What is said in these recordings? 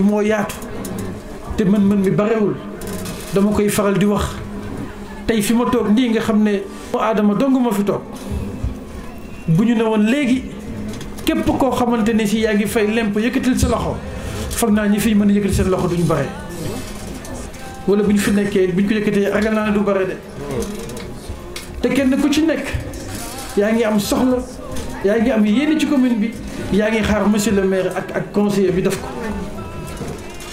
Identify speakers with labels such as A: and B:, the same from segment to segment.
A: bi moo yaatu te mën-mën mi barewul dama koy faral di wax tey fi ma toog nii nga xam ne moo aadama dong ma fi toog bu ñu ne woon léegi képp koo xamante ne si yaa ngi fay lemp yëkkatil sa loxo foog naa ñi fi mën a yëkkati seen loxo duñu bare wala bu ñu fi nekkee bu ñu ko yëkkatee ragal naa ne du bare de te kenn ku ci nekk yaa ngi am soxla yaa ngi am yéene ci commune bi yaa ngi xaar monsieur le maire ak ak conseiller bi def ko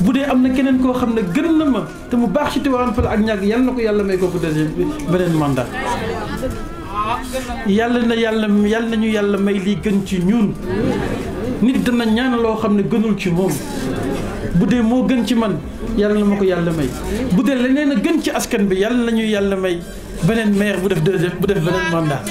A: bu dee am na keneen koo xam ne gën na ma te mu baax ci Tivaouane Peulh ak ñàkk yàlla na ko yàlla may kooku deuxième beneen mandat yàlla na yàlla yàlla nañu yàlla may lii gën ci ñun nit dana ñaan loo xam ne gënul ci moom bu dee moo gën ci man yàlla na ma ko yàlla may bu dee leneen a gën ci askan bi yàlla nañu yàlla may beneen maire bu def deuxième bu def beneen mandat